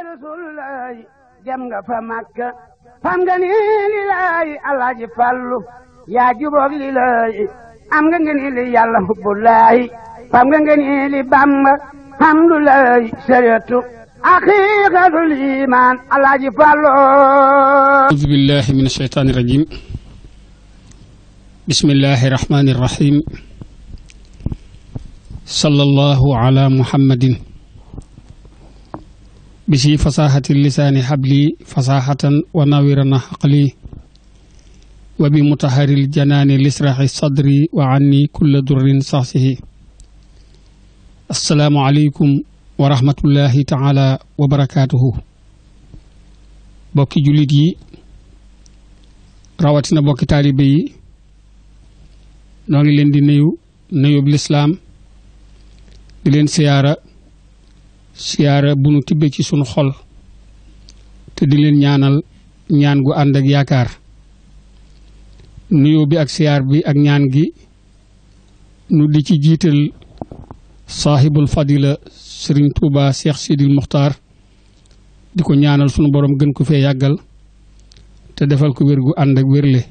yaay rasulullahi dem nga fa makka fam nga ni am nga nga ni li yàlla fam nga nga ni li bamba hamdulaay sariyatu aqiqatul iman alaaji fallu auzu billahi min ashaytaani rajim bismillahi rahmaani rahim sallallahu ala muhammadin bisi fasaxati lisaani xabli fasaxatan wa nawirana xaqli wa bi mutaharil janaani lisraxi sadri wa anni kulla durrin saxsihi assalaamu aleykum wa rahmatullahi taala wa barakaatuhu bokki jullit yi rawatina bokki taalibe yi noo ngi leen di nuyu nuyub lislaam di leen siyaara siyaara bu nu tibbee ci sunu xol te di leen ñaanal ñaan gu ànd ak yaakaar nuyoo bi ak siyaar bi ak ñaan gi nu di ci jiital saaxibul fadila sëriñ Touba Cheikh Sidil Muxtaar di ko ñaanal sunu boroom gën ko fee yàggal te defal ko wér gu ànd ak wérle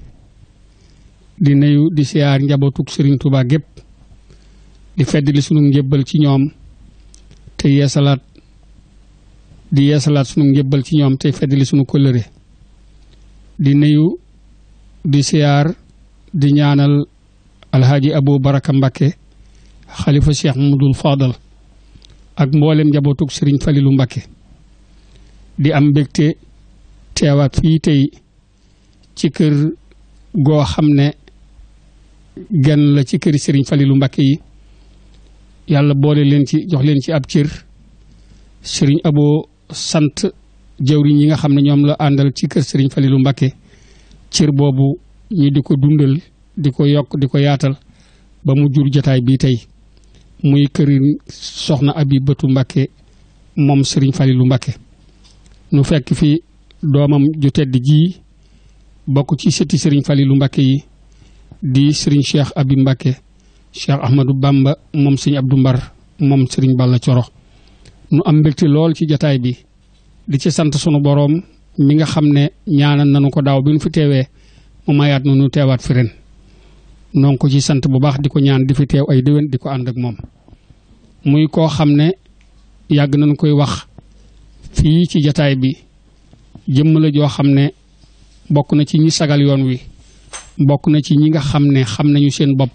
di nuyu di siyaar njabootug sëriñ Touba gépp di feddali sunu njébbal ci ñoom te yeesalaat di yeesalaat sunu njëbbal ci ñoom tey feddali sunu kóllëre di nuyu di siyaar di ñaanal alxaaji abu baraka mbakke xalifa cheikh mamadul fadal ak mboolem njabootug sëriñ falilu mbakke di am mbégte teewaat fii tey ci kër goo xam ne genn la ci këri sëriñ falilu mbakke yi yàlla boole leen ci jox leen ci ab cër sëriñ aboo sant jëwriñ yi nga xam ne ñoom la àndal ci kër fali lu Mbacké cër boobu ñu di ko dundal di ko yokk di ko yaatal ba mu jur jataay bii tey muy këriñ soxna Abibatu Mbacké moom sëriñ Serigne lu Mbacké nu fekk fi doomam ju tedd ji bokk ci sëtti fali lu Mbacké yi di Serigne Cheikh Abi Mbacké Cheikh Ahmadou Bamba moom Serigne Abdou Mbar moom Serigne Balla Coro nu am mbégte lool ci jataay bi di ci sant sunu boroom mi nga xam ne ñaanal nanu ko daaw bi nu fi teewee mu mayaat nu nu teewaat fi ren noon ko ci sant bu baax di ko ñaan di fi teew ay déwén di ko ànd ak moom muy koo xam ne yàgg nañu koy wax fii ci jataay bi jëmmale joo xam ne bokk na ci ñi sagal yoon wi bokk na ci ñi nga xam ne xam nañu seen bopp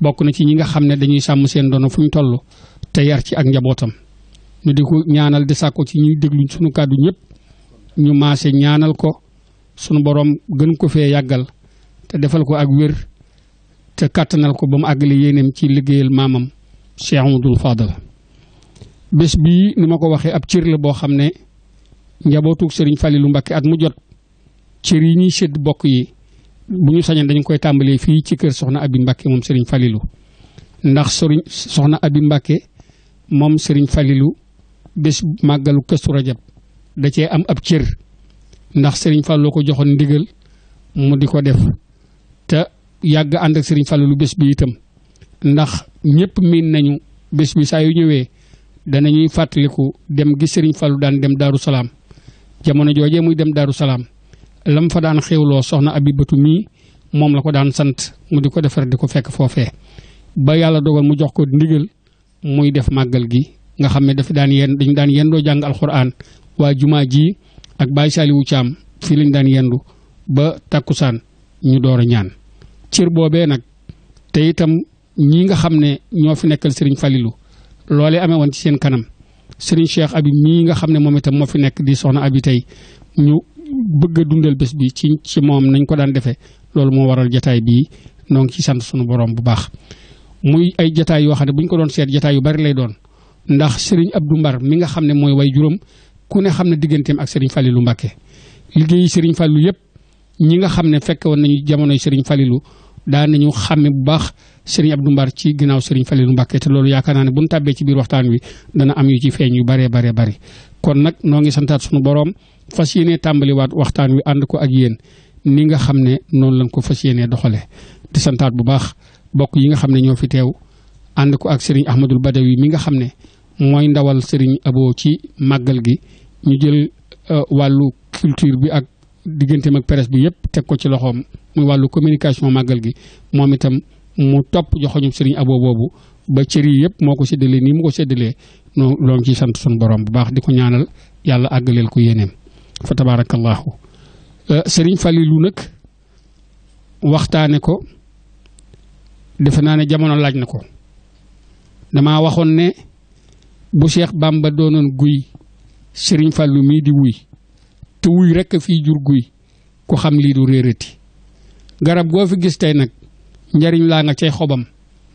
bokk na ci ñi nga xam ne dañuy sàmm seen dono fu ñu toll te yar ci ak njabootam ñu di ko ñaanal di sàkko ci ñuy déglu suñu kàddu ñëpp ñu maase ñaanal ko sunu boroom gën ko fee yàggal te defal ko ak wér te kàttanal ko ba mu àggale yéeneem ci liggéeyal maamam Cheikh Amadou Fadal bés bii ni ma ko waxee ab cër la boo xam ne njabootug sëriñ Fallilou Mbacké at mu jot cër yi ñuy sédd bokk yi bu ñu sañoon dañu koy tàmbalee fii ci kër soxna Abi Mbacké moom sëriñ Fallilou ndax Serigne soxna moom Serigne Fallilou bés màggalu Kazu Rajab da cee am ab cër ndax Serigne Fallou ko joxoon ndigal mu di ko def te yàgg ànd ak Serigne Fallou lu bés bi itam ndax ñëpp miin nañu bés bi saa yu ñëwee danañuy fàttaliku dem gi Serigne Fallou daan dem Daaru Salaam jamono joojee muy dem Daaru Salaam lam fa daan xewloo soxna Abibatu mii moom la ko daan sant mu di ko defar di ko fekk foofee ba yàlla dogal mu jox ko ndigal muy def màggal gi nga xam ne daf daan yenn dañu daan yendoo jàng alxuraan waa jumaa ji ak Baye Saliou Thiam fii lañ daan yendu ba takkusaan ñu door a ñaan cër boobee nag te itam ñi nga xam ne ñoo fi nekkal sëriñ Falilou loolee amee woon ci seen kanam Serigne Cheikh Abi mii nga xam ne moom itam moo fi nekk di soxna Abi tey ñu bëgg a dundal bés bi ci ci moom nañ ko daan defee loolu moo waral jataay bii noo ci sant sunu borom bu baax muy ay jataay yoo xam ne bu ko doon seet jataay yu bari lay doon ndax Serigne Abdou Mbar mi nga xam ne mooy way juróom ku ne xam ne digganteem ak sëriñ Serigne Fallilou Mbacké liggéeyi Serigne Fallou yëpp ñi nga xam ne fekke woon nañu jamonoy Serigne Fallilou daa nañu xàmme bu baax Serigne Abdou Mbar ci ginnaaw sëriñ Fallilou Mbacké te loolu yaakaar naa ne bu ñu tàbbee ci biir waxtaan wi dana am yu ci feeñ yu baree baree bari kon nag noo ngi santaat sunu boroom fas yéenee tàmbaliwaat waxtaan wi ànd ko ak yéen ni nga xam ne noonu lañ ko fas yéenee doxalee bu baax bokk yi nga xam ne ñoo fi teew ànd ko ak Serigne Ahmadul Badawi nga xam ne mooy ndawal Serigne Abo ci màggal gi ñu jël euh, wàllu culture bi ak digganteem ak presse bi yëpp teg ko ci loxoom muy wàllu communication màggal gi moom itam mu topp joxoñu sëriñ Abo boobu ba cër yi yëpp moo ko séddalee nii mu ko séddalee noo loon ci sant sun boroom bu baax di ko ñaanal yàlla àgg àggaleel ko yéeneem fa tabaarakallaahu euh, Serigne Falilou nag waxtaane ko defe naa ne jamono laaj na ko dama waxoon ne bu Cheikh Bamba doonoon guy sëriñ Fallou mii di wuy te wuy rekk a fii jur guy ku xam lii du réerati garab goo fi gis tey nag njariñ laa nga cay xobam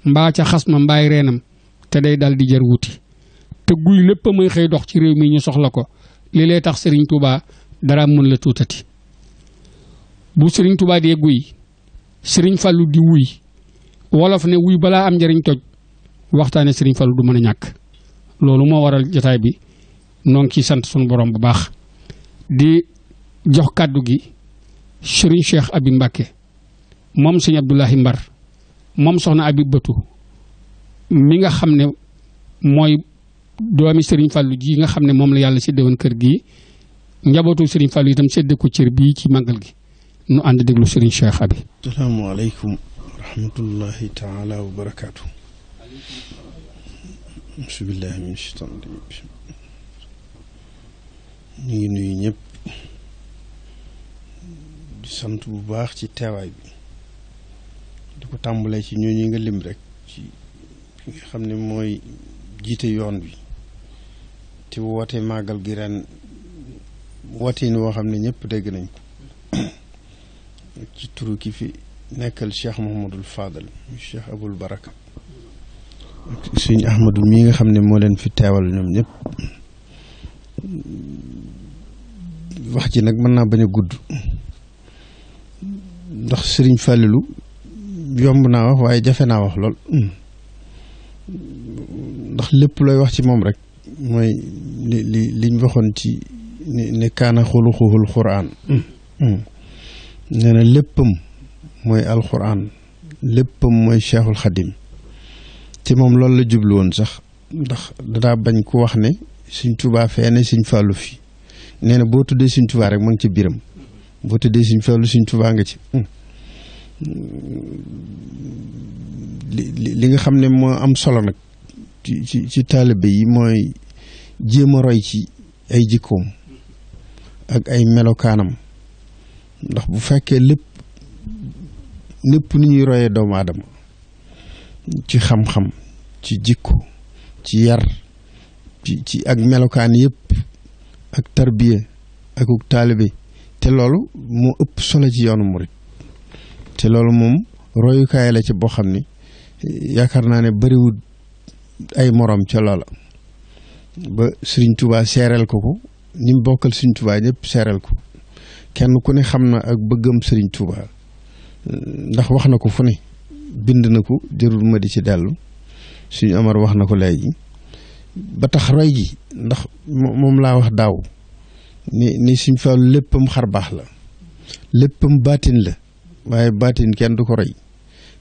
mbaa ca xas ma mbaay reenam te day dal di jar wuti te guy lépp a may xëy dox ci réew mi ñu soxla ko li lay tax Serigne Touba dara mën la tuutati bu sëriñ Touba dee guy sëriñ Fallou di wuy wolof ne wuy balaa am njariñ toj waxtaane Serigne Fallou du mën a ñàkk loolu moo waral jataay bi noo ngi ciy sant sunu boroom bu baax di jox kàddu gi sëriñ Cheikh Abi Mbàkke moom sëñ Abdoulahi Mbar moom soxna Abi Bëtu mi nga xam ne mooy doomi sëriñ Fàllu ji nga xam ne moom la yàlla séddewoon kër gi njabootu sëriñ Fàllu tam sedd ko cër bii ci màggal gi nu ànd déglu sëriñ Cheikh Abi. asalaamaaleykum wa rahmatullahi taala wa barakaatu. bismillahi min shaytaan rajim ñu ngi nuyu ñépp di sant bu baax ci teewaay bi di ko tàmbalee ci ñooñu nga lim rek ci ki nga xam ne mooy jiite yoon bi te woote màggal gi ren wooteen woo xam ne ñëpp dégg nañ ko ci turu ki fi nekkal cheikh Mouhamadul Fadal cheikh Abul Baraka suñ Ahmadu mii nga xam ne moo leen fi teewal ñoom ñëpp wax ji nag mën naa bañ a gudd ndax sëriñ Fàllilu yomb naa wax waaye jafe naa wax lool ndax lépp looy wax ci moom rek mooy li li liñ waxoon ci ne kaana xuluxuhul xuraan nee na léppam mooy alxuraan léppam mooy cheikhul xadim ci moom loolu la jublu woon sax ndax danaa bañ ku wax ne Sëñ Tuubaa fee ne Sëñ Fàllu fi nee ne boo tuddee Sëñ Tuubaa rek mu ngi ci biiram boo tuddee suñ Fàllu suñ Tuubaa nga ci hmm. li li nga xam ne moo am solo nag ci ci ci taalibe yi mooy jéem a roy ci ay jikkoom ak ay melokaanam ndax bu fekkee lépp lépp ni ñuy royee doomu aadama ci xam-xam ci jikko ci yar ci ci ak melokaan yëpp ak tarbiya ak taalibe te loolu moo ëpp solo ci yoonu murit te loolu moom royukaay la ci boo xam ni yaakaar naa ne bëriwul ay moroom ca loola ba Sëriñ Tuubaa seereel ko ko ni mu bokkal Sëriñ Tuubaa ñëpp seereel ko kenn ku ne xam na ak bëggam Sëriñ Tuubaa ndax wax na ko fu ne bind na ko jërul ma di ci dellu suñu amar wax na ko léegi ba tax roy ji ndax moom laa wax daaw ni ni suñ Fallu léppam xar baax la léppam baatin la waaye baatin kenn du ko roy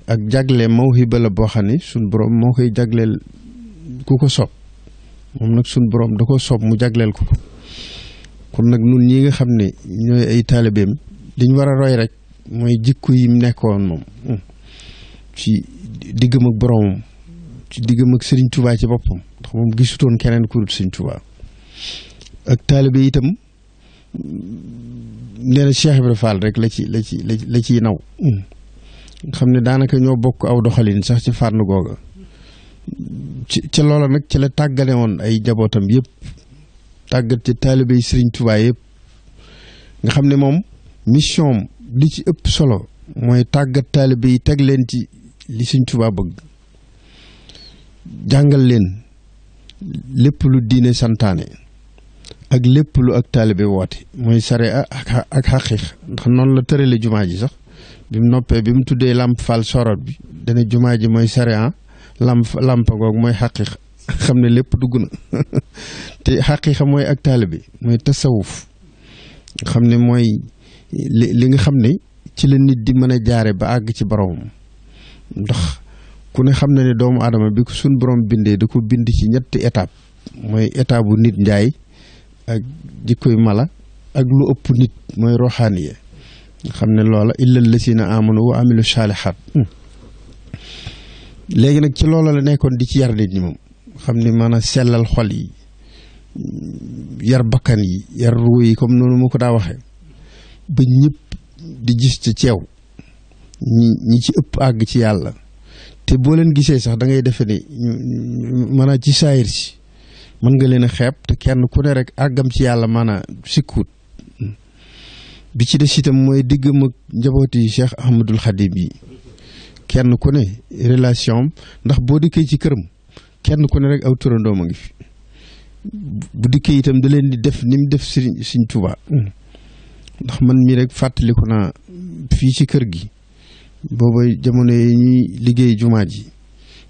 ak jagle mawhiba la boo xam ne suñ boroom moo koy jagleel ku ko soob moom nag suñ boroom da ko soob mu jagleel ko ko kon nag nun ñi nga xam ne ñooy ay taalibeem liñ war a roy rek mooy jikko yi mu nekkoon moom ci diggam ak boromam ci diggam ak Serigne Touba ci boppam ndax moom gisutoon keneen ku dul Serigne Touba ak taalibe itam nee na Cheikh rek la ci la ci la ciy xam ne daanaka ñoo bokk aw doxalin sax ci fànn googa ci ca loola nag ci la tàggane woon ay jabootam yëpp tàggat ci taalibe yi Serigne Touba yëpp nga xam ne moom mission li ci ëpp solo mooy tàggat taalibe yi teg leen ci. li Sëñ Tuubaa bëgg jàngal leen lépp lu diine santaane ak lépp lu ak taalibe woote mooy sare ak ak xaqiix ndax noonu la tërale jumaa ji sax bi mu noppee bi mu tuddee làmp faal sorot bi dana jumaa ji mooy sare làmp làmp goog mooy xaqiix xam ne lépp dugg na te xaqiixa mooy ak taalibe mooy tasawuf xam ne mooy li li nga xam ne ci la nit di mën a jaare ba àgg ci boromam ndax ku ne xam na ne doomu aadama bi suñ borom bindee da ko bind ci ñett étape mooy étape bu nit njaay ak jikkoy mala ak lu ëpp nit mooy roxaaniye xam ne loola illal lasina na wa amilu saalihaat hmm. léegi nag ci loola la nekkoon di ci yar nit ñi moom xam ne maanaam sellal xol yi yar bakkan yi yar ruu yi comme noonu ma ko daa waxee ba ñëpp di gis ci ceew ñi ñi ci ëpp àgg ci yàlla te boo leen gisee sax da ngay defee ni maanaam ci saayir si mën nga leen a xeeb te kenn ku ne rek àggam ci yàlla maanaam sikkuut bi ci des itam mooy diggam ak njabooti Cheikh Ahmadul Xadim yi kenn ku ne relation ndax boo dikkee ci këram kenn ku ne rek aw turandoom a ngi fi bu dikkee itam da leen di def ni mu def si Sëriñ Tuubaa ndax man mii rek fàttaliku naa fii ci kër gi booba jamono yi ñuy liggéey jumaa ji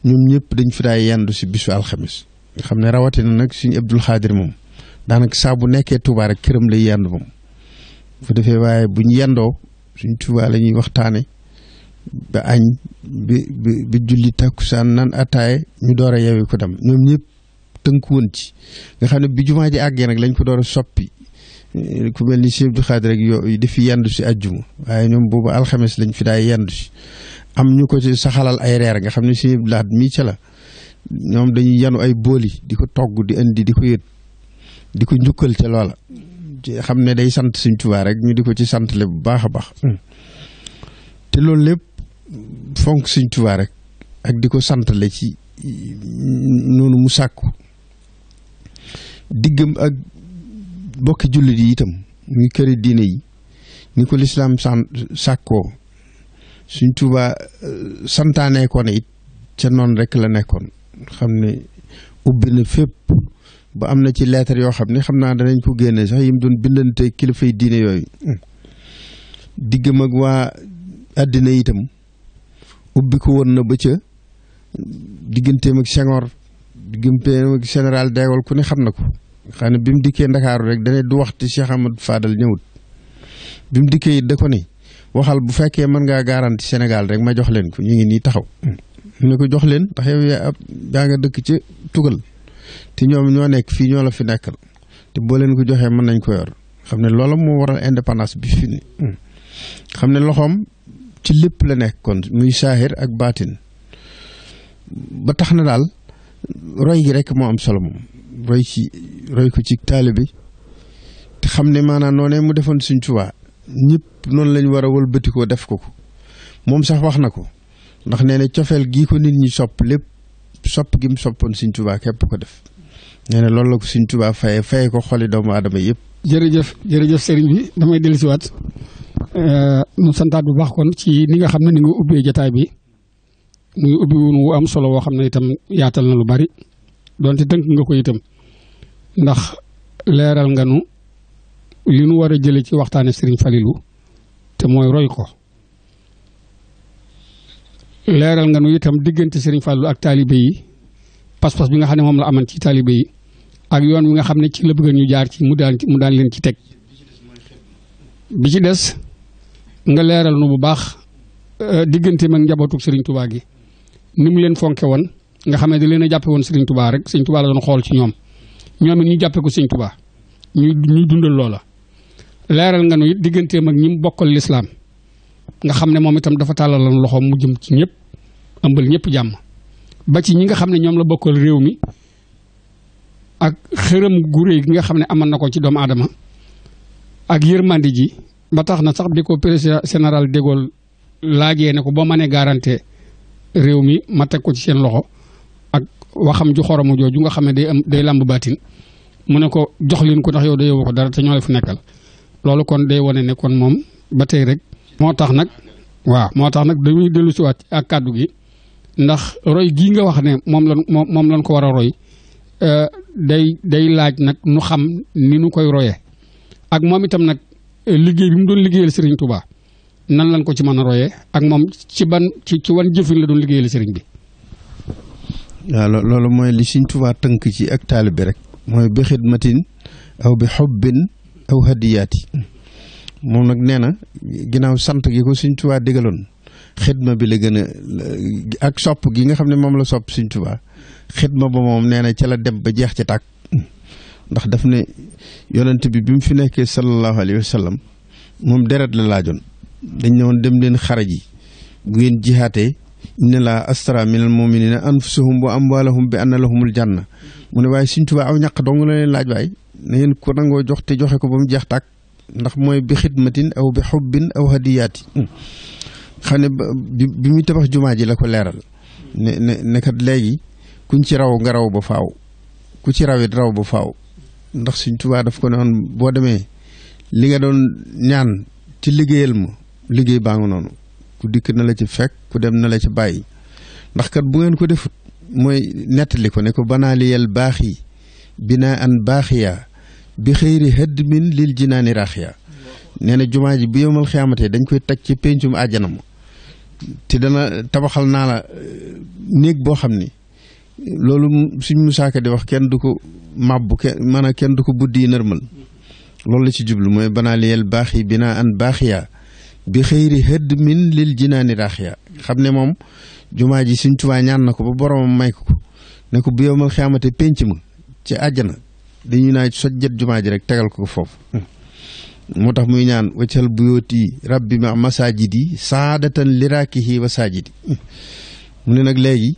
ñoom ñëpp dañ fi daay yandu si bisu alxamis nga xam ne rawatina nag suñ Abdul Xaadir moom daanaka saa bu nekkee Tuubaa rek këram lay yandu moom bu defee waaye bu ñu yandoo suñ Tuubaa la ñuy waxtaane ba añ bi bi julli takkusaan nan ataaye ñu door a yewi ko dem ñoom ñëpp tënkuwoon ci nga xam ne bi jumaa ji àggee nag lañ ko door a soppi ku mel ni Cheikh Abdou Khadre rek yo di fi yendu si àjjuma waaye ñoom boobu alxemes lañ fi daay yendu si am ñu ko ci saxalal ay reer a nga xam ne si Abdou Lahad mii ca la ñoom dañuy yenu ay booli di ko togg di indi di ko yët di ko njukkal ca loola xam ne day sant Sëñ Tuubaa rek ñu di ko ci santle bu baax a baax hmm. te loolu lépp fonk Sëñ Tuubaa rek ak di ko santle ci mm, noonu mu sàkku diggam ak bokki jullit yi itam muy këri diine yi ni ko lislaam san sàkkoo suñ tuuba euh, santaanee ko it ca noonu rek la nekkoon xam ne ubbi na fépp ba am na ci leetar yoo xam ne xam naa danañ ko génne sax yim doon bindante kilifay diine yooyu diggam waa àddina itam ubbi ko woon na ba ca digganteem ak Senghor digganteem ak général de Gaulle ku ne xam na ko xam ne bi mu dikkee ndakaaru rek dane du waxti Cheikh Ahmad Fadal ñëwut bi mu dikkee it ni waxal bu fekkee mën ngaa garanti Sénégal rek ma jox leen ko ñu ngi nii taxaw mu ne ko jox leen ndax yow yaa dëkk ci tugal te ñoom ñoo nekk fii ñoo la fi nekkal te boo leen ko joxee mën nañ ko yor xam ne loola moo waral indépendance bi fi ni xam ne loxoom ci lépp la nekk kon muy saahir ak baatin ba tax na daal roy gi rekk moo am solo moom roy ci roy ko ci taalibe te xam ne maanaa noonee mu defoon suñ Tuubaa ñëpp noonu lañu war a koo def ko ko moom sax wax na ko ndax nee na cofeel gii ko nit ñi sopp lépp sopp gi mu soppoon suñ Tuubaa képp ko def nee na loolu la ko suñ Tuubaa faye faye ko xoli doomu aadama yëpp. jërëjëf jërëjëf sëriñ bi damay dellusiwaat euh, nu santaat bu baax kon ci ni nga xam ne ni nga ubbee jataay bi muy ubbi woon wu am solo woo xam ne itam yaatal na lu bari donte tënk nga itam. ndax leeral nga nu li nu war a jële ci waxtaane sëriñ Falilu te mooy roy ko leeral nga nu itam diggante sëriñ Falilu ak taalibe yi pas-pas bi nga xam ne moom la aman ci taalibe yi ak yoon wi nga xam ne ci la bëgg ñu jaar ci mu daan mu daan leen ci teg bi ci des nga leeral nu bu baax euh, diggante mag njabootu sëriñ Touba gi ni mu leen fonke woon nga xam ne da leen a jàppe woon sëriñ Touba rek sëriñ Touba la doon xool ci ñoom ñoom it ñu jàppee ko sëñ Tuubaa ñu ñu dundal loola. leeral nga nu it digganteem ak ñi mu lislaam nga xam ne moom itam dafa tàllaloon loxoom mu jëm ci ñëpp ëmbal ñëpp jàmm ba ci ñi nga xam ne ñoom la bokkal réew mi ak xërëm gu réy nga xam ne amoon na ko ci doomu aadama ak yërmandi ji ba tax na sax di ko président général de Gaulle laajee ne ko boo mënee garanté réew mi ma teg ko ci seen loxo xam waxam ju joo ju nga xam ne day am day làmb baatin mu ne ko jox leen ko ndax yow day yóbbu ko dara te ñoo la fi nekkal loolu kon day wane ne kon moom ba tey rek. moo tax nag waaw moo tax nag dañuy dellu si ak kàddu gi ndax roy nga wax ne moom lan moom moom lan ko war a roy euh, day day laaj nag nu xam ni nu koy roye ak moom itam nag euh, liggéey bi mu doon liggéeyal Serigne tubaa nan lan ko ci mën a royee ak moom ci ban ci ci wan jëfin la doon liggéeyal Serigne bi. waaw loolu mooy li Sëñ Tuubaa tënk ci ak bi rek mooy bi xidmatin aw bi xobbin aw hadiyaati moom nag nee na ginnaaw sant gi ko Sëñ Tuubaa digaloon xidma bi la gën a ak sopp gi nga xam ne moom la sopp Sëñ Tuubaa xidma ba moom nee na ca la dem ba jeex ci tàkk ndax daf ne yonent bi bi mu fi nekkee sallallahu alayhi wa moom deret la laajoon dañ ne woon dem leen xare ji bu ngeen jihaatee inna laa astara minal muminina anfusahum wa amwalahum bi anna lahumul janna mu ne waaye Sëñ Tuubaa aw ñàq dong la leen laaj waay na ngeen ko nangoo jox te joxe ko ba mu jeex tàkk ndax mooy bi xidmatin aw bi xubbin aw hadiyaati xam ne bi muy tabax jumaa ji la ko leeral ne ne nekat léegi kuñ ci raw nga raw ba faaw ku ci rawit raw ba faaw ndax suñ tubaa daf ko ne woon boo demee li nga doon ñaan ci liggéeyal ma liggéey baa nga noonu ku d na la ci fekk ku dem na la ci bàyyi ndax kat bu ngeen ko defut mooy nettali ko ne ko banaaliyel baax yi binaa an baaxiya bi xëyri hëdd min lil jinaani raaxiya nee na jumaa ji bu yowmal xiyaamatee dañ koy teg ci péncum àjjana ma te dana tabaxal naa la euh, néeg boo xam ni loolu suñ mu musaaka di wax kenn du ko màbbu kenn maanaam kenn du ko buddi yi nërmal loolu la ci jublu mooy banaaliyel baax yi binaa an baaxiya bi xëyri hëdd min lil jinaani raaxiya xam ne moom jumaa ji suñ tubaa ñaan na ko ba boromam may ko ne ko bu yowmal xiyaamate pénc ma ci àjjana dañu naa sojjet jumaa ji rek tegal ko foofu moo tax muy ñaan waccal buyooti rabbi ma masaajidi saadatan liraakihi wa saajidi mu ne nag léegi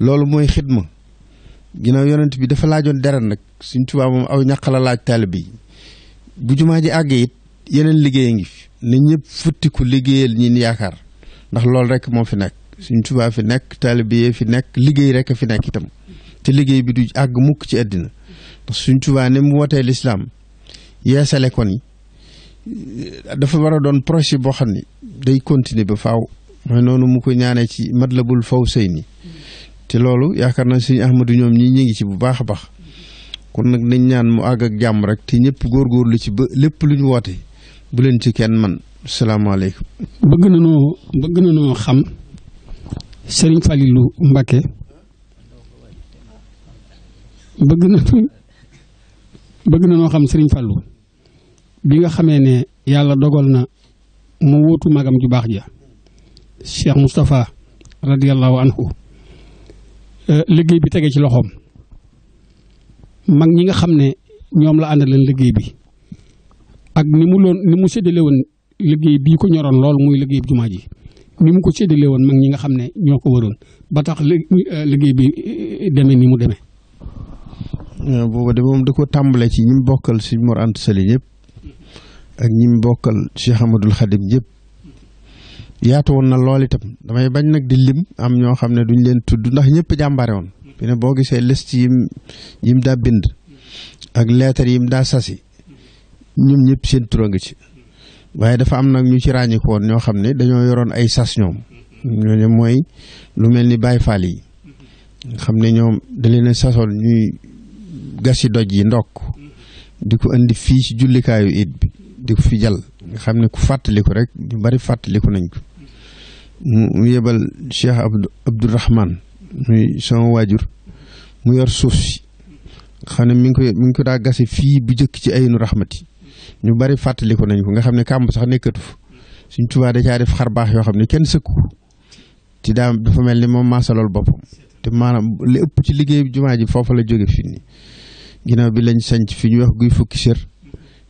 loolu mooy xidma ginnaaw yonent bi dafa laajoon deret nag suñ tubaa moom aw ñaq la laaj taalibe bi bu jumaa ji àggee it yeneen liggéey a ngi na ñëpp futtiku liggéeyal ñin yaakaar ndax loolu rek moo fi nekk suñ tubaa fi nekk taalibe fi nekk liggéey rek fi nekk itam te liggéey bi du àgg mukk ci àddina ndax suñ tubaa ne mu wootee lislaam yeesale ko ni dafa war a doon projet boo xam ni day continuer ba faw mooy noonu mu ko ñaanee ci Matlabul Fawzayni te loolu yaakaar na suñu Ahmadu ñoom ñi ñu ngi ci bu baax a baax kon nag nañ ñaan mu àgg ak jàmm rek te góor góorgóorlu ci ba lépp lu ñu woote buleen leen ci kenn man salaamaaleykum. bëgg nañoo bëgg nañoo xam Serigne Falilou Mbacké bëgg na bëgg nañoo xam Serigne Fallou bi nga xamee ne yàlla dogal na mu wóotu magam ju baax ja Cheikh Moustapha radiyallahu anhu euh, liggéey bi tege ci loxoom mag ñi nga xam ne ñoom la leen liggéey bi. ak ni mu loon ni mu séddale woon liggéey bii ko ñoroon lool muy liggéey jumaa ji ni mu ko séddale woon mag ñi nga xam ne ñoo ko waroon ba tax euh, liggéey bi euh, demee ni mu demee. Euh, booba de moom da ko tàmbale ci ñi bokkal si Mor Anta Sali yëpp ak ñi mu bokkal Cheikh Amadou Khadim yëpp yaatu woon na lool itam damay bañ nag di lim am ñoo xam ne duñ leen tudd ndax ñëpp jàmbare woon. fi ne boo gisee liste yim daa bind ak leetar yim daa sasi ñoom ñëpp seen tura ngi ci waaye dafa am nag ñu ci ràññiku ñoo xam ne dañoo yoroon ay sas ñoom ñooñu mooy lu mel ni Baay Faal yi xam ne ñoom da leen sasoon ñuy gasi doj yi ndokk di ko indi fii ci jullikaayu it bi di ko fi jal nga xam ne ku fàttaliku rek ñu bari fàttaliku nañ ko mu yebal Cheikh Abdou Abdourahman muy sama waajur mu yor suuf si xam ne mi ngi ko mi ngi ko daa gase fii bu jëkk ci aynu raxmati ñu bari fàttaliku nañ ko nga xam ne kàmb sax nekkatu suñ tubaa da caa def xar baax yoo xam ne kenn sëkku ci daa dafa mel ni moom maasalool boppam te maanaam li ëpp ci liggéey jumaa ji foofu la jóge fii nii ginnaaw bi lañ sanc fi ñu wax guy fukki sër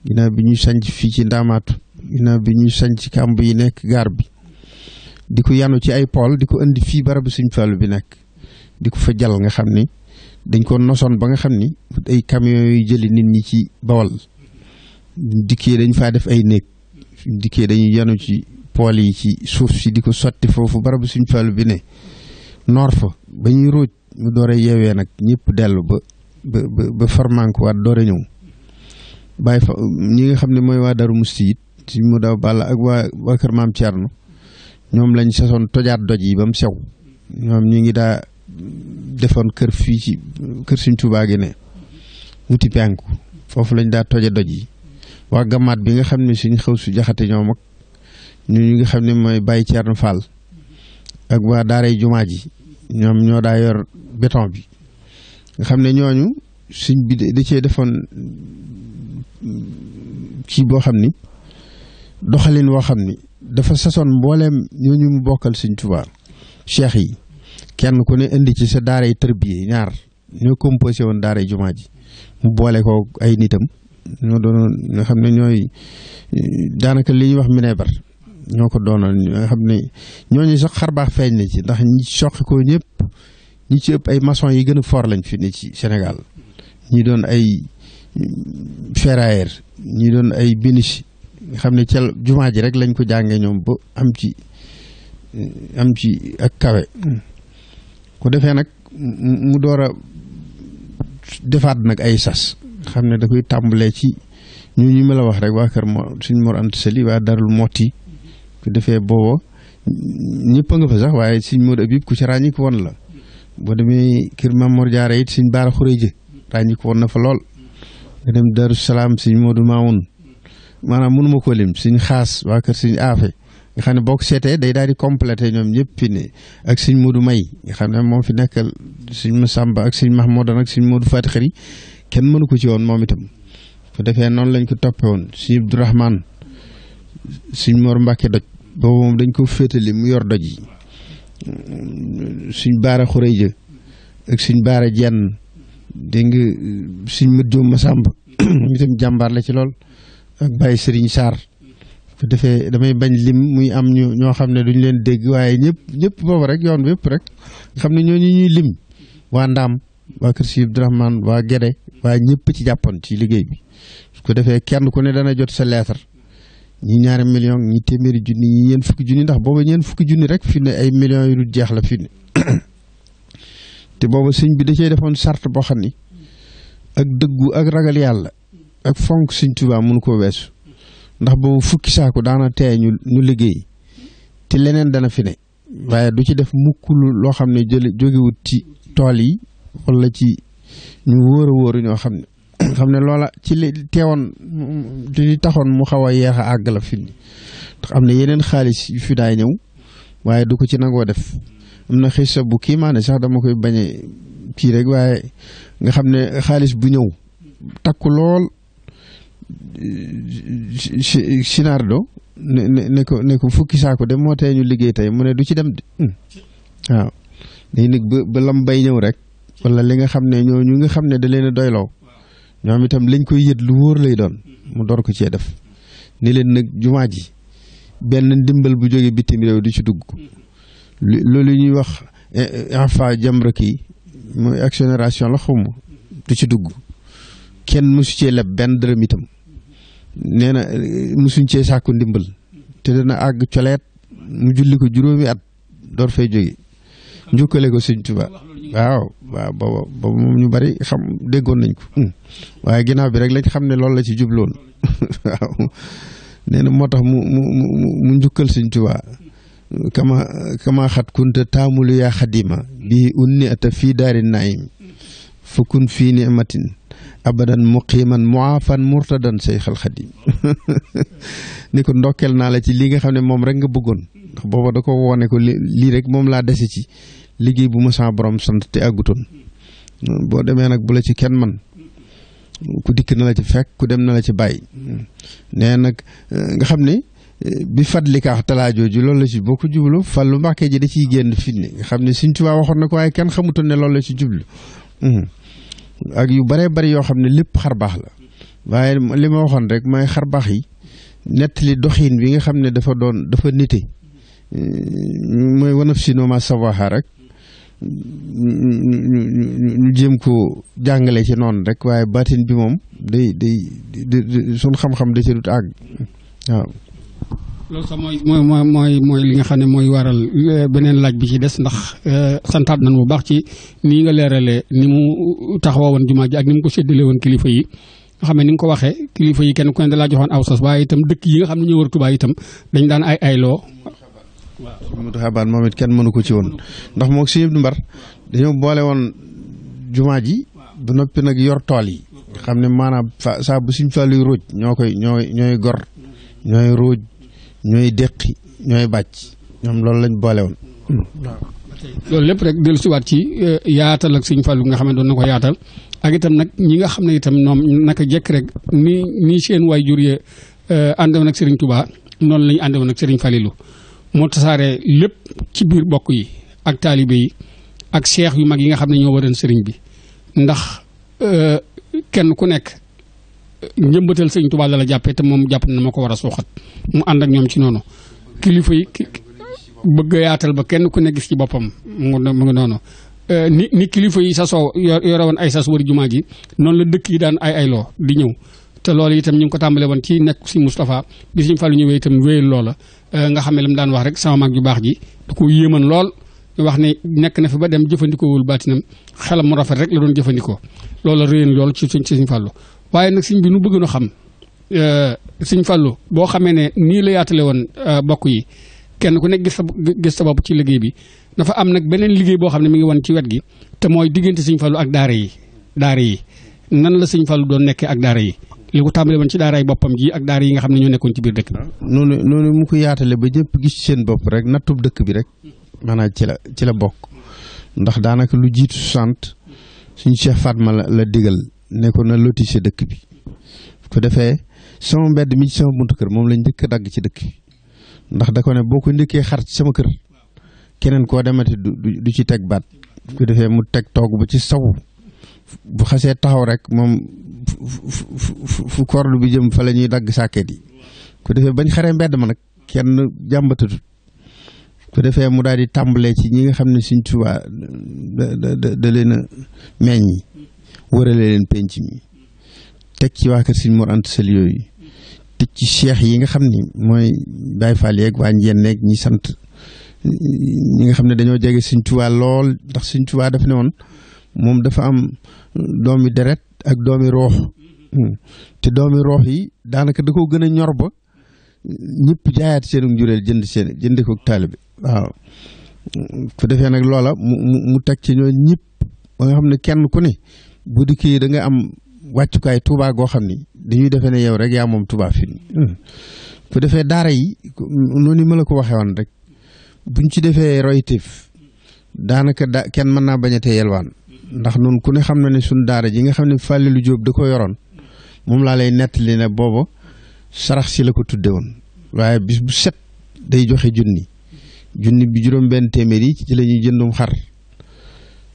ginnaaw bi ñu sanc fii ci ndaamaatu ginaaw bi ñu sanc kàmb yi nekk gaar bi di ko yanu ci ay pool di ko indi fii barabu suñ fàllu bi nekk di ko fa jal nga xam ni dañ ko nosoon ba nga xam ni ay camion yu jëli nit ñi ci bawal dikkee dañu faa def ay néeg suñ dikkee dañuy yenu ci pool yi ci suuf si di ko sotti foofu barabu suñ fàllu bi ne noor fa ba ñuy róoj ñu door a yeewee nag ñëpp dellu ba ba ba farmank waat ñëw bàyyi fa ñi nga xam ne mooy waa Daru Musti it si mu daw bàll ak waa waa kër maam Thierno ñoom lañ sasoon tojaat doj yi ba mu sew ñoom ñi ngi daa defoon kër fii ci kër suñ Tuubaa ne wuti penku foofu lañ daa toje doj yi waa gamaat bi nga xam ne suñ xew su jaxate ñoom ak ñu ñu nga xam ne mooy Baye Thierno Fall ak waa daaray jumaa ji ñoom ñoo daa yor béton bi nga xam ne ñooñu suñ bi da cee defoon kii boo xam ni doxalin woo xam ni dafa sasoon mbooleem ñooñu mu bokkal suñ Tuubaa cheikh yi kenn ku ne indi ci sa daaray tërbiye ñaar ñoo composé woon daaray jumaa ji mu boole ko ay nitam ñoo doonoon nga xam ne ñooy daanaka li ñuy wax mineebar ñoo ko doonoon nga xam ne ñooñu sax xar baax feeñ na ci ndax ñi soqi ko ñëpp ñi ci ëpp ay maçon yi gën a fort lañ fi ni ci senegal ñi doon ay ferrailleur ñi doon ay béniche nga xam ne ca jumaa ji rek lañ ko jàngee ñoom ba am ci am ci ak kawe ku defee nag mu door a defaat nag ay sas xam ne da koy tàmbalee ci ñu ñu ma la wax rek waa kër mo suñ Mor Anta Sali waa Darul Mooti ku mm-hmm. defee booba ñëpp a nga fa sax waaye suñ Mor Abib ku ci ràññiku woon la mm-hmm. boo demee kër Maam Mor Jaara it suñ Baara Xureje na fa lool mm-hmm. nga dem Salaam suñ Moodu Maawun maanaam mënuma ko lim suñ xaas waa kër suñ aafe nga xam ne boo seetee day daal di complété ñoom ñëpp fi ne ak suñ Moodu May nga xam ne moom fi nekkal suñ Masamba ak suñ Mahmoudan ak suñ Moodu Fatixari kenn mënu ko ci woon moom itam bu defee noonu lañ ko toppe woon sëñ Abdourahman sëñ Mor Mbàkke doj boobu moom dañ ko féetali mu yor doj yi sëñ Baara Xuréja ak sëñ Baara Jenn dégg nga sëñ Mat Jóob Masamb itam jàmbaar la ci lool ak Baye Sëriñ Saar su defee damay bañ lim muy am ñu ñoo xam ne duñ leen dégg waaye ñëpp ñëpp boobu rek yoon bi yëpp rek xam ne ñooñu ñuy lim waa Ndaam waa kër si Abdourahmane waa Gédé waa ñëpp ci jàppoon ci liggéey bi su ko defee kenn ku ne dana jot sa lettre ñi ñaari million ñi téeméeri junni ñi ñeen fukki junni ndax booba fukki junni rek fi ne ay millions yu jeex la fi ne sëñ bi da cee defoon sart boo xam ni ak dëggu ak ragal yàlla ak fonk sëñ Tuubaa mënu koo weesu ndax booba fukki saako daana teye ñu liggéey te leneen dana fi ne waaye du ci def mukk loo xam ne jële jógewut ci tool yi wala ci ñu wóor a ñoo xam ne xam ne loola ci li teewoon li taxoon mu xaw a yeex a àgg la fi ndax am na yeneen xaalis yu fi daay ñëw waaye du ko ci nangoo def am na xisa bu kii maa ne sax dama koy bañe kii rek waaye nga xam ne xaalis bu ñëw takku lool sinardo ne ne ne ko fukki saako de moo tee ñu liggéey tey mu ne du ci dem de hmm. waaw day nag ba ba lam bay ñëw rek wala li nga xam ne ñoo ñu nga xam ne da leen doyloo ñoom itam lañ koy yët lu wóor lay doon mu door ko cee def ni leen nag jumaa ji benn ndimbal bu jógee bitim réew di ci dugg loolu ñuy wax enfant eh, jamra kii mooy exonération la xawma du ci dugg kenn mësu cee leb benn dërëm itam nee na eh, mosuñ cee sàkku ndimbal te dana àgg coleet mu julli ko juróomi at door fay jóge njukkale ko sëñ Tuubaa waaw waaw booba booba moom ñu bari xam déggoon nañ ko hmm. waaye ginnaaw bi rek lañ xam ne loolu la ci jubloon waaw na moo tax mu mu mu njukkal Sëñ Tuubaa kama kama xat kunta taamulu yaa xadima bi unni ata fii daari naim fukun fii nimatin abadan muqiman muaafan murtadan say xal xadim ni ko ndokkeel naa la ci li nga xam ne moom rek nga bëggoon ndax booba da ko woone ko lii rek moom laa dese ci liggéey bu ma boroom borom sant te àggutoon boo demee nag bu la ci kenn man ku dikk na la ci fekk ku dem na la ci bàyyi nee nag eh, nga xam ne eh, bi fadli kaax talaa jooju loolu la ci boo ko jublu Fallu Mbàkke ji da ciy génn fitne nga xam ne Sëñ Tuubaa waxoon na ko waaye kenn xamutoon ne loolu la ci jublu hmm. ak yu bare bari yoo xam ne lépp xar baax la waaye li ma waxoon rek mooy xar baax yi nettali doxiin bi nga xam ne dafa doon dafa nite eh, mooy wanaf si nooma savaha rek ñu ñu jéem ko jàngale ci noonu rek waaye baatin bi moom day day suñ xam-xam da ci dut àgg waaw. loolu sax mooy mooy mooy mooy li nga xam ne mooy waral euh, beneen laaj bi ci des ndax euh, santaat nañ bu baax ci nii nga leeralee ni mu taxawoo woon jumaa ji ak ni mu ko séddalee woon kilifa yi. nga xam ne ni nga ko waxee kilifa yi kenn ku ne da laa joxoon aw sas waaye itam dëkk yi nga xam ne ñoo war Tuubaa itam dañ daan ay ayloo sëñ Mountakha Bane moom it kenn mënu ko ci woon ndax moom sëñ Abdou Mbar dañoo boole woon jumaa ji ba noppi nag yor tool yi xam ne maanaam fa saa bu suñ fàlluy róoj ñoo koy ñooy ñooy gor ñooy róoj ñooy déqi ñooy bàcc ñoom loolu lañ boole woon waaw loolu lépp rek dellu siwaat ci eh, yaatal ak sëñ Fallou nga xam ne doon na ko yaatal ak itam nag ñi nga xam ne itam ñoom naka jekk rek ni nii seen waay jur yee eh, àndoon ak sëriñ tubaa noonu la ñu àndoon ak Serigne Falilou moo tasaare lépp ci biir bokk yi ak taalibe yi ak seex yu mag yi nga xam ne ñoo waroon sëriñ bi ndax euh, kenn ku nekk njëmbatal sëriñ Tuubaa la jàppee te moom jàpp na ma ko war a suuxat mu ànd ak ñoom ci noonu kilifa yi bëgg yaatal ba kenn ku ne gis ci boppam mu ngi noonu euh, ni ni kilifa yi sasoo yore woon ay sas war jumaa ji noonu la dëkk yi daan ay ayloo di ñëw te loolu itam ñu ngi ko tàmbale woon ci nekk si Moustapha bi ñu fàllu ñëwee itam wéyal loola eh, nga xam ne la mu daan wax rek sama mag ju baax ji da ko yéeman lool wax ni nekk na fi ba dem jëfandikoowul baatinam xelam mu rafet rek la doon jëfandikoo loola réen lool ci siñ suñ fàllu waaye nag suñ bi nu bëgg nu xam eh, suñ fàllu boo xamee ne nii la yaatale woon eh, bokk yi kenn ku nekk gis sa gis bopp ci liggéey bi dafa am nag beneen liggéey boo xam ne mu ngi woon ci wet gi te mooy diggante suñ fàllu ak daara yi daara yi nan la suñ fàllu doon nekkee ak daara yi li ko tàmbale woon ci daaraay boppam ji ak daara yi nga xam ne ñoo nekkoon ci biir dëkk bi. noonu noonu mu ko yaatale ba ñëpp gis seen bopp rek nattub dëkk bi rek maanaam ci la ci la bokk ndax daanaka lu jiitu sant suñu Cheikh Fatma la la digal ne ko na lotissé dëkk bi ko defee sama mbedd mi ci sama buntu kër moom lañ njëkk dagg ci dëkk ndax da ko boo ko njëkkee xar ci sama kër keneen koo demati du du ci teg baat ko defee mu teg toog ba ci saw bu xasee taxaw rek moom fu korlu bi jëm fa la ñuy dagg sàkket yi ku defee bañ xare mbedd ma nag kenn jàmbatatut ku defee mu daal di tàmbalee ci ñi nga xam ne Sëñ Tuubaa da da da leen a meññ wërale leen penc mi teg ci waa kër Sëñ Mor Anta Sali yooyu teg ci cheikh yi nga xam ni mooy Baay Faal yeeg waa Njeen yeeg ñi sant ñi nga xam ne dañoo jege Sëñ Tuubaa lool ndax Sëñ Tuubaa daf ne woon moom dafa am doomi deret ak doomi roox mm-hmm. te doomi roox yi daanaka da ko gën a ñor ba ñëpp jaayaat seenum jureel jënd seen jënd ko taalibe waaw ku defee nag loola mu mu teg ci ñoo ñëpp ba nga xam ne kenn ku ne bu dikkee da nga am wàccukaay Tuubaa goo xam ni dañuy defee ne yow rek yaa moom Tuubaa fi mm-hmm. defee daara yi noonu ma la ko waxee woon rek buñ ci defee royteef daanaka da kenn mën naa bañ a te yelwaan ndax nun ku ne xam na ne suñ daara ji nga xam ne Fallou Diop da ko yoroon moom laa lay nettali ne booba sarax si la ko tudde woon waaye bis bu set day joxe junni junni bi juróom benn téeméer yi ci lañuy ñuy jëndum xar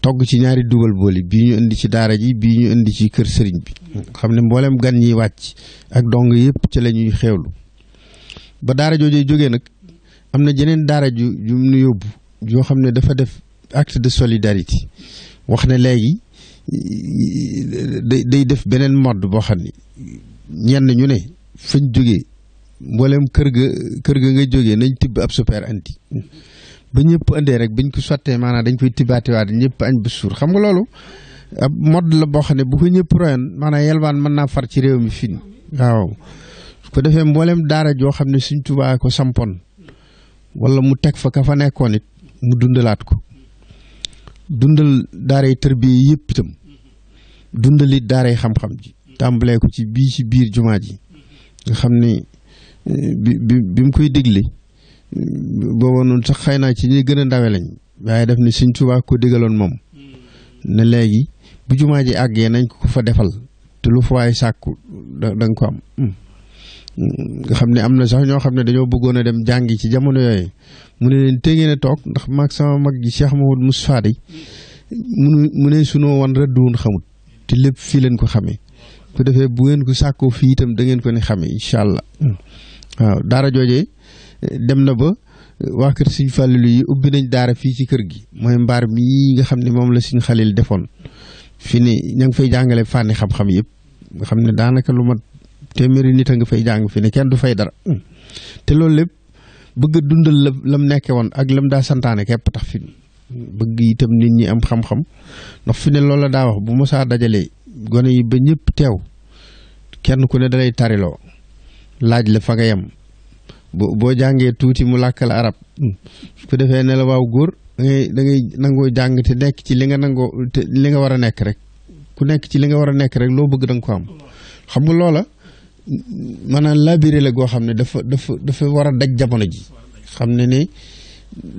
togg ci ñaari dugal booli bi ñu indi ci daara ji bii ñu indi ci kër sëriñ bi xam ne mbooleem gan ñiy wàcc ak dong yëpp ci la ñuy xeewlu ba daara joojee jógee nag am na jeneen daara ju ju nu yóbbu yoo xam ne dafa def acte de solidarité wax ne léegi day def beneen modd boo xam ne ñenn ñu ne fañ jógee mboolem kër ga kër ga nga jógee nañ tibb ab super anti ba ñëpp andee rek biñ ko sottee maanaam dañ koy tibbaatiwaat ñëpp añ bu suur xam nga loolu ab mode la boo xam ne bu ko ñëpp royoon maanaam yelwaan mën naa far ci réew mi fii waaw ko defee mboolem daara joo xam ne suñ tubaa ko sampoon wala mu teg fa ka fa nekkoon it mu dundalaat ko dundal daaray tërbiye yëpp tam dundali daaray xam-xam ji tàmbalee ci bii ci biir jumaa ji nga xam ni eh, bi bi bi mu koy dégle eh, booba noonu sax xëy naa ci ñi gën a ndawe waaye def ne siñ Tuubaa ko digaloon moom hmm. ne léegi bu jumaa ji àggee nañ ko fa defal te lu fa waay sàkku da ko am hmm. nga xam ni am na sax ñoo xam ne dañoo bëggoon a dem jàngi ci jamono yooyu mu ne leen téye ngeen a toog ndax maag sama mag ji Cheikh Mamadou Moustapha day mu mu ne sunoo wan rëdduwoon xamut te lépp fii leen ko xamee bu defee bu ngeen ko sàkkoo fii itam dangeen ngeen ko ne xamee incha allah hmm. waaw daara joojee eh, dem na ba eh, waa kër Sëñ Fàllilu yi ubbi nañ daara fii ci kër gi mooy mbaar mii nga xam ni moom la Sëñ Xalil defoon fi ne ña ngi fay jàngale fànni xam-xam yëpp nga xam ne daanaka lu ma téeméeri nit a nga fay jàng fi ne kenn du fay dara hmm. te loolu lépp bëgg a dundal la mu nekke woon ak lam daa santaane képp tax fi bëgg itam nit ñi am xam-xam ndax fi ne loola daa wax bu musaa dajalee gone yi ba ñëpp teew kenn ku ne dalay tariloo laaj la fa nga yem boo boo jàngee tuuti mu làkk la arab su ko defee ne la waaw góor dangay ngay da ngay nangoo jàng te nekk ci li nga nangoo te li nga war a nekk rek ku nekk ci li nga war a nekk rek loo bëgg da ko am xam nga loola maanaam labiré la goo xam ne dafa dafa dafa war a daj jamono ji xam ne ne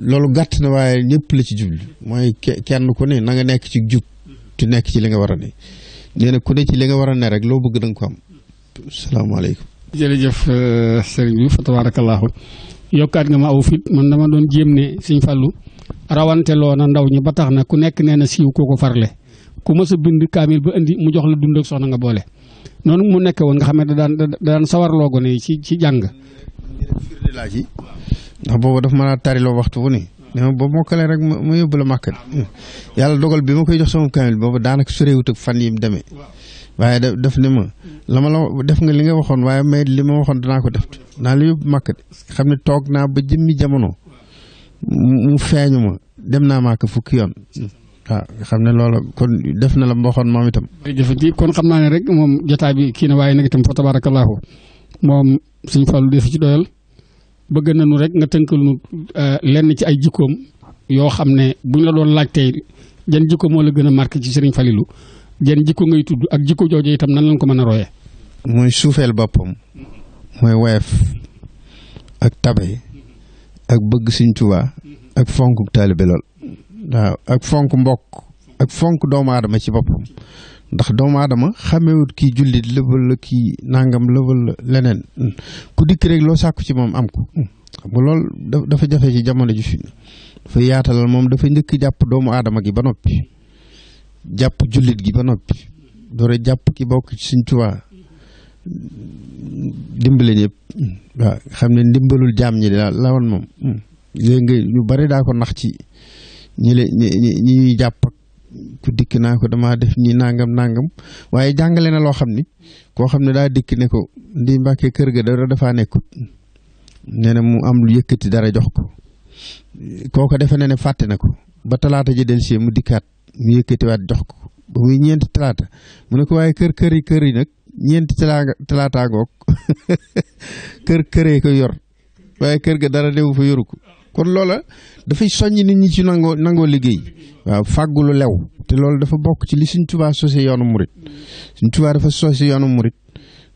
loolu gàtt na waaye ñëpp la ci jublu mooy kenn ku ne nanga nekk ci jub te nekk ci li nga war a ne nee na ku ne ci li nga war a ne rek loo bëgg da nga ko am salaamaaleykum jërëjëf sëriñ bi fa tabaarakallaahu yokkaat nga ma aw fit man dama doon jéem ne Sëriñ Fallu rawante loo na ndaw ñi ba tax na ku nekk nee na siiw kooku farle ku mës a bind kaamil ba indi mu jox la dund ak soxna nga boole noonu mu nekk woon nga xam da daan da daan sawarloo gone yi ci ci jàng. ndax boobu daf ma a tariloo waxtu wu ne. ne ma boobu mokkalee rek ma yóbbu la màkk yàlla dogal bi ma koy jox sama kamil boobu daanaka sorewut ak fan yi mu demee. waaye def ne ma la la def nga li nga waxoon waaye may li ma waxoon danaa ko def naa la yóbbu màkk xam ne toog naa ba jëmmi jamono mu feeñu ma dem naa màkk fukki yoon. waaw ah, xam ne loolu kon def na la mboxoon moom itam. jërëjëf ji kon xam naa ne rek moom jataa bi kii na waaye nag itam fa tabaarakallaahu moom suñu fàllu def ci doyal bëgg nañu rek nga tënkal nu eh, lenn ci ay jikkoom yoo xam ne bu la doon laaj tey jën moo la gën a marqué ci Serigne Falilou jën jikko ngay tudd ak jikko jooju itam nan lañ ko mën a royee. mooy suufeel boppam mooy woyaf ak tabe ak bëgg suñ Touba ak fonk taalibe lool. waaw ak fonk mbokk ak fonk doomu aadama ci boppam ndax doomu aadama xamewut kii jullit lëbal la kii nangam lëbal leneen ku dikk rek loo sàkku ci moom am ko xam dafa jafe ci jamono ji fi dafa yaatalal moom dafa njëkk jàpp doomu aadama gi ba noppi jàpp jullit gi ba noppi doore jàpp ki bokk ci suñ tubaa dimbale ñëpp xam ne ndimbalul jaam ñi la la woon moom léegi ñu bari daa ko nax ci ñu la ñi jàpp ku dikk naa ko dama def nii nàngam nangam waaye jàngale na loo xam ni koo xam ne daa dikk ne ko ndi mbàkkee kër ga dara dafaa nekkut nee na mu am lu yëkkati dara jox ko kooko defe na ne fàtte na ko ba talaata ji del si mu dikkaat mu yëkkatiwaat jox ko ba muy ñeenti talaata mu ne ko waaye kër kër yi kër yi nag ñeenti talaata ngoog kër këree ko yor waaye kër ga dara dewu fa yoru ko kon loola dafay soññ nit ñi ci nangoo nangoo liggéey waaw fàggulu lew te loolu dafa bokk ci li Sëñ Tuubaa sosé yoonu murit Sëñ Tuubaa dafa sosé yoonu murit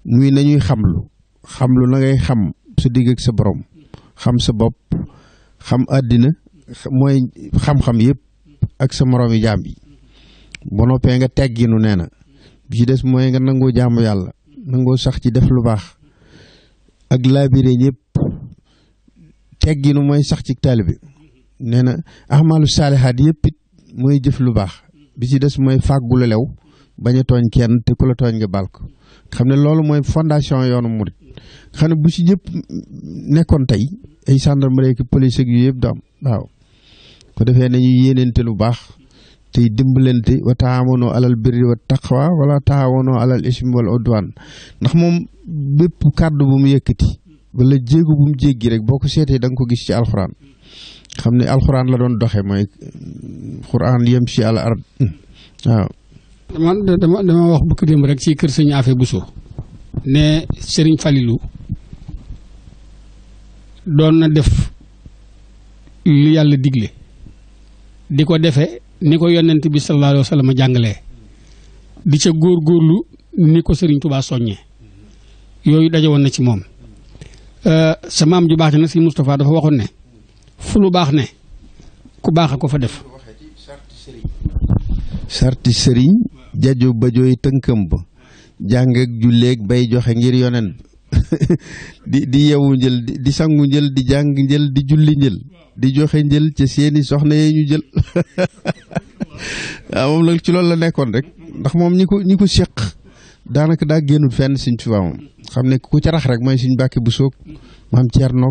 muy nañuy xamlu xamlu na xam sa digg sa borom xam sa bopp xam àddina mooy xam yëpp ak sa moroom yi jaam yi ba noppee nga tegginu nee na bi ci des mooy nga nangoo jaamu yàlla nangoo sax ci def lu baax ak laabire ñëpp tegginu mooy sax ci taalibe nee na ahmaalu saalihaat yëpp it mooy jëf lu baax bi ci des mooy fàggu lu lew bañ kenn te ku tooñ nga baal ko xam ne loolu mooy fondation yoonu murit xam ne bu ci yëpp nekkoon tey ay gendarmerie ak police yu yëpp daam waaw ko defee nañu yéeneente lu baax tey dimbalante wa taawanoo alal birri wa taqwa wala taawanoo alal ismi wal udwan ndax moom bépp kàddu bu mu yëkkati wala jéego bu mu jéggi rek boo ko seetee danga ko gis ci alxuraan xam ne alxuraan la doon doxe mooy xuraan mm, yem si àll arab mm, waaw. man dama dama wax bëgg démb rek ci kër sëñ Afe Bousso ne Serigne Falilou doon na def lu yàlla digle di ko defe ni ko yonent bi sallallahu alayhi wa sallam jàngalee di ca góorgóorlu ni ko Serigne Touba soññee yooyu daje na ci moom. Euh, sa maam ju baax ji nag si Moustapha dafa waxoon ne fu lu baax ne ku baax a ko fa def. sarti sëriñ jajo ba jooy tënkam ba jàng ak julleeg bay joxe ngir yonen di di yewu njël di sangu njël di jàng jël di julli njël di joxe njël ci seeni soxna yee ñu jël waaw moom la ci loolu la nekkoon rek ndax moom ñi ko ñi ko séq daanaka daa génnul fenn suñ fi moom xam ne ku ca rax rek mooy suñ bàkki bu soog maam Thierno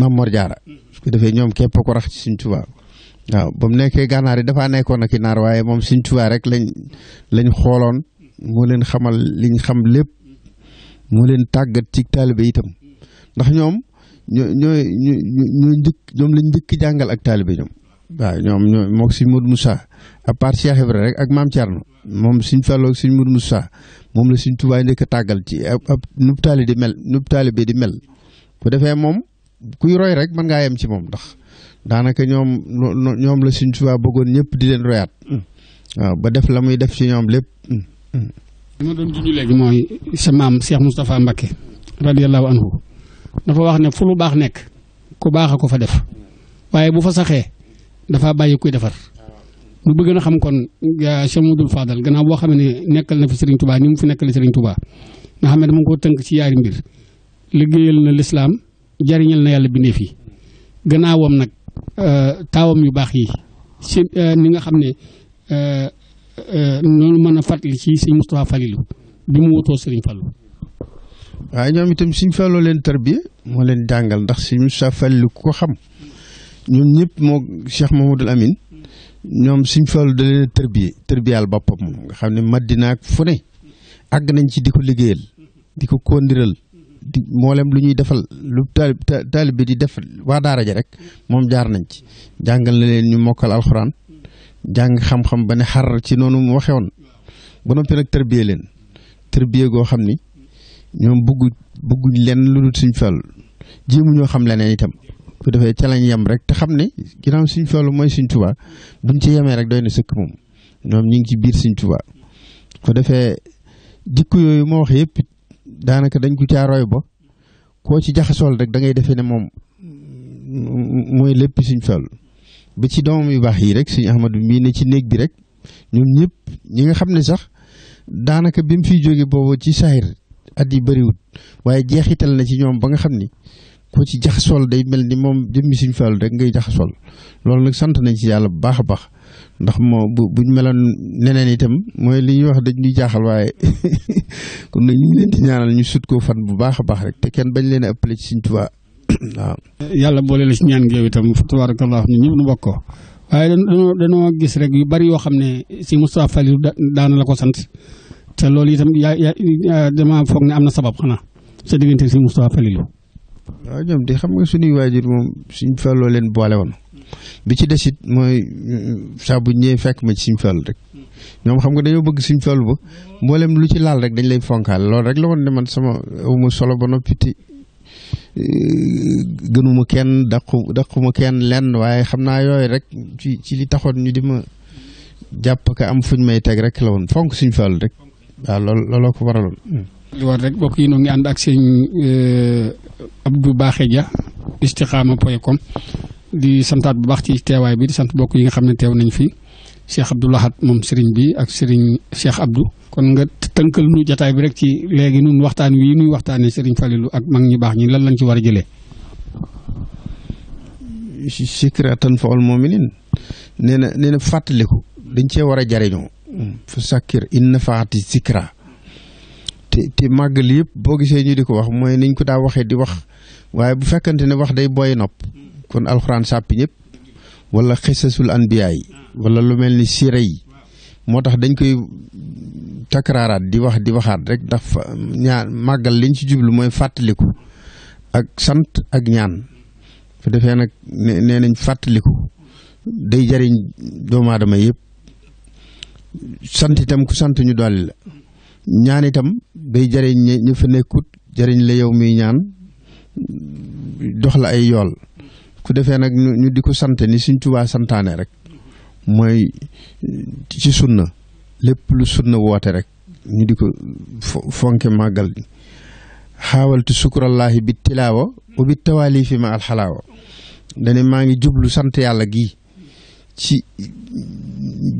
maam Mor Diarra su ko defee ñoom képp ko rax ci suñ tubaa waaw ba mu nekkee gànnaar yi dafaa nekkoon ak i naar waaye moom suñ Tuubaa rek lañ lañ xooloon moo leen xamal liñ xam lépp moo leen tàggat ci taalibe itam ndax ñoom ñoo ñooy ñoo ñoo njëkk ñoom lañ njëkk jàngal ak taalibe ñoom. waaw ñoom ñoom si sëñ Modou Moussa à part rek ak maam Thierno moom sëñ Fallou ak sëñ Modou moom la sëñ Tuubaa ndëkk tàggal ci ab di mel nub taali di mel bu defee moom kuy roy rek mën ngaa yem ci moom ndax daanaka ñoom ñoom la sëñ Tuubaa bëggoon ñëpp di leen royaat waaw ba def la muy def ci ñoom lépp li ma doon junj léegi mooy sa maam Cheikh Moustapha Mbacké radiyallahu anhu dafa wax ne fu lu baax nekk ku baax ko fa def waaye bu fa saxee dafa bàyyi kuy defar mu bëgg na xam kon Cheikh Modou Fadal gannaaw boo xam ne nekkal na fi Serigne Touba ni mu fi nekkal Serigne Touba nga xam ne dama ko tënk ci yaari mbir liggéeyal na lislaam jariñal na yàlla bindee fi gannaawam nag euh, taawam yu baax yi si euh, ni nga xam ne euh, noonu mën a fàttali ci sëñ Moustapha Falilou bi mu wutoo Serigne Fallou. waaye ñoom itam sëñ Fallou leen tarbiya moo leen jàngal ndax sëñ Moustapha Falilou ko xam. ñoom ñëpp moo Cheikh Mamadou Amine hmm. ñoom suñ fallu da leen tërbiye tërbiyaal boppam nga xam ne Madina ak fu ne àgg nañ ci di ko liggéeyal di ko kondiral di mboolem lu ñuy defal lu taalib taalib bi di def waa daara ja rek moom jaar nañ ci jàngal na leen ñu mokkal alxuraan jàng xam-xam ba ne xar ci noonu mu waxe woon ba noppi nag tërbiye leen tërbiye goo xam ni ñoom bëggu bëgguñ leen lu dul suñ fallu jéemu ñoo xam leneen itam bu defee ca lañ yem rek te xam ne ginnaaw suñ Fallu mooy suñ Tuubaa buñ ci yemee rek doy na sëkk moom ñoom ñu ngi ci biir suñ Tuubaa ko defee dikk yooyu ma wax yëpp daanaka dañ ko caa roy ba koo ci jaxasool rek da ngay defee ne moom mooy lépp suñ Fallu ba ci doomam yu baax yi rek suñu Ahmadu mii ne ci néeg bi rek ñoom ñëpp ñi nga xam ne sax daanaka bi mu fiy jógee boobu ci saayir at yi bëriwut waaye jeexital na ci ñoom ba nga xam ni ku ci jaxasool day mel ni moom demi jëmmi Sëriñ Fallu rek ngay jaxasool loolu nag sant nañ ci yàlla bu baax a baax ndax moo bu buñ meloon neneen itam mooy li ñuy wax dañ ñuy jaaxal waaye kon nag ñu ngi leen di ñaanal ñu sut ko fan bu baax a baax rek te kenn bañ leen a ëppale ci Sëriñ Tuubaa waaw. yàlla boole la ci ñaan géew itam tabaarakallah ñu ñëpp nu bokk ko waaye dañoo dañoo gis rek yu bari yoo xam ne si Moustapha Falilou daana la ko sant te loolu itam yaa yaa dama foog ne am na sabab xanaa sa diggante si Moustapha Falilou waaw ñoom di xam nga suñuy waajur moom suñ fàlloo leen boole woon bi ci desit mooy mm, saa bu ñëwee fekk ma ci suñ fàllu rek ñoom xam nga dañoo bëgg suñ fàllu ba mboolem lu ci laal rek dañ lay fonkaal loolu rek la woon ne man sama awma solo ba noppiti eh, gënuma kenn daqu daquma kenn lenn waaye xam naa yooyu rek ci ci li taxoon ñu di ma jàpp ka am fuñ may teg rek la woon fonk suñ fàllu rek waaw loolu looloo ko waraloon li rek mbokk yi ñu ngi ànd ak sëñ eh, Abdou Baaxe Dia istikhama point com di santaat bu baax ci teewaay bi di sant mbokk yi nga xam ne teew nañ fi Cheikh Abdou Lahad moom sëriñ bi ak sëriñ Cheikh Abdou. kon nga tënkal nu jataay bi rek ci léegi nun waxtaan wi nuy waxtaanee sëriñ Falilou ak mag ñu baax ñi lan lañ ci war a jëlee. sikratan fa'al mu'minin nee na nee na fàttaliku dañ cee war a jariñoo. fa sakkir in nafaati sikra te te màggal yëpp boo gisee ñu di ko wax mooy niñ ko daa waxee di wax waaye bu fekkante ne wax day booy nopp kon alxuraan sàpp ñëpp wala xisasul anbiya yi wala lu mel ni si yi moo tax dañ koy takraaraat di wax di waxaat rek ndax ñaan màggal liñ ci jublu mooy fàttaliku ak sant ak ñaan su defee nag nee nañ fàttaliku day jariñ doomu aadama sant itam ku sant ñu dolli la ñaan itam day jariñ ñi fa nekkut jariñ la yow miy ñaan dox la ay yool ku defee nag ñu di ko sant ni suñ tubaa santaane rek mooy ci sunna lépp lu sunna woote rek ñu di ko fonke màggal xaawaltu sukurallaahi bi tilaawa wa bi ma alxalaawa dane maa ngi jublu sant yàlla gi ci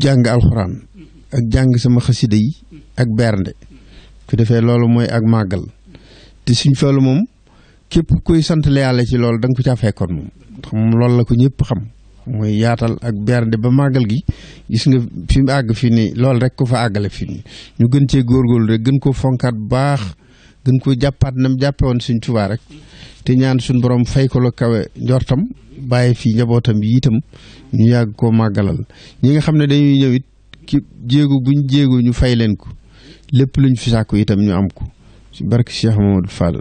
jàng alxuraan ak jàng sama xasida yi ak bernde ku defee loolu mooy ak màggal te suñ feelu moom képp kuy santale yàlla ci loolu da ko caa moom ndax moom loolu la ko ñëpp xam mooy yaatal ak bernde ba màggal gi gis nga fi àgg fii nii lool rek ko fa àggale fii nii ñu gën cee góorgóorlu rek gën koo fonkaat baax gën koo jàppaat nam jàppe woon suñ tubaa rek te ñaan suñ borom fay ko la kawe njortam bàyyi fii njabootam yi itam ñu yàgg koo màggalal ñi nga xam ne dañuy ñëw ki jéego jéego ñu fay leen ko lépp luñ fi sàkku itam ñu am ko barke Cheikh Mamadou Fall